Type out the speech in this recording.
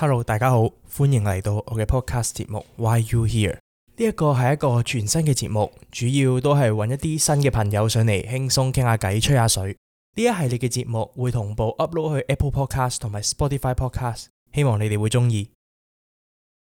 Hello，大家好，歡迎嚟到我嘅 podcast 節目 Why You Here。呢一個係一個全新嘅節目，主要都係揾一啲新嘅朋友上嚟，輕鬆傾下偈，吹下水。呢一系列嘅節目會同步 upload 去 Apple Podcast 同埋 Spotify Podcast，希望你哋會中意。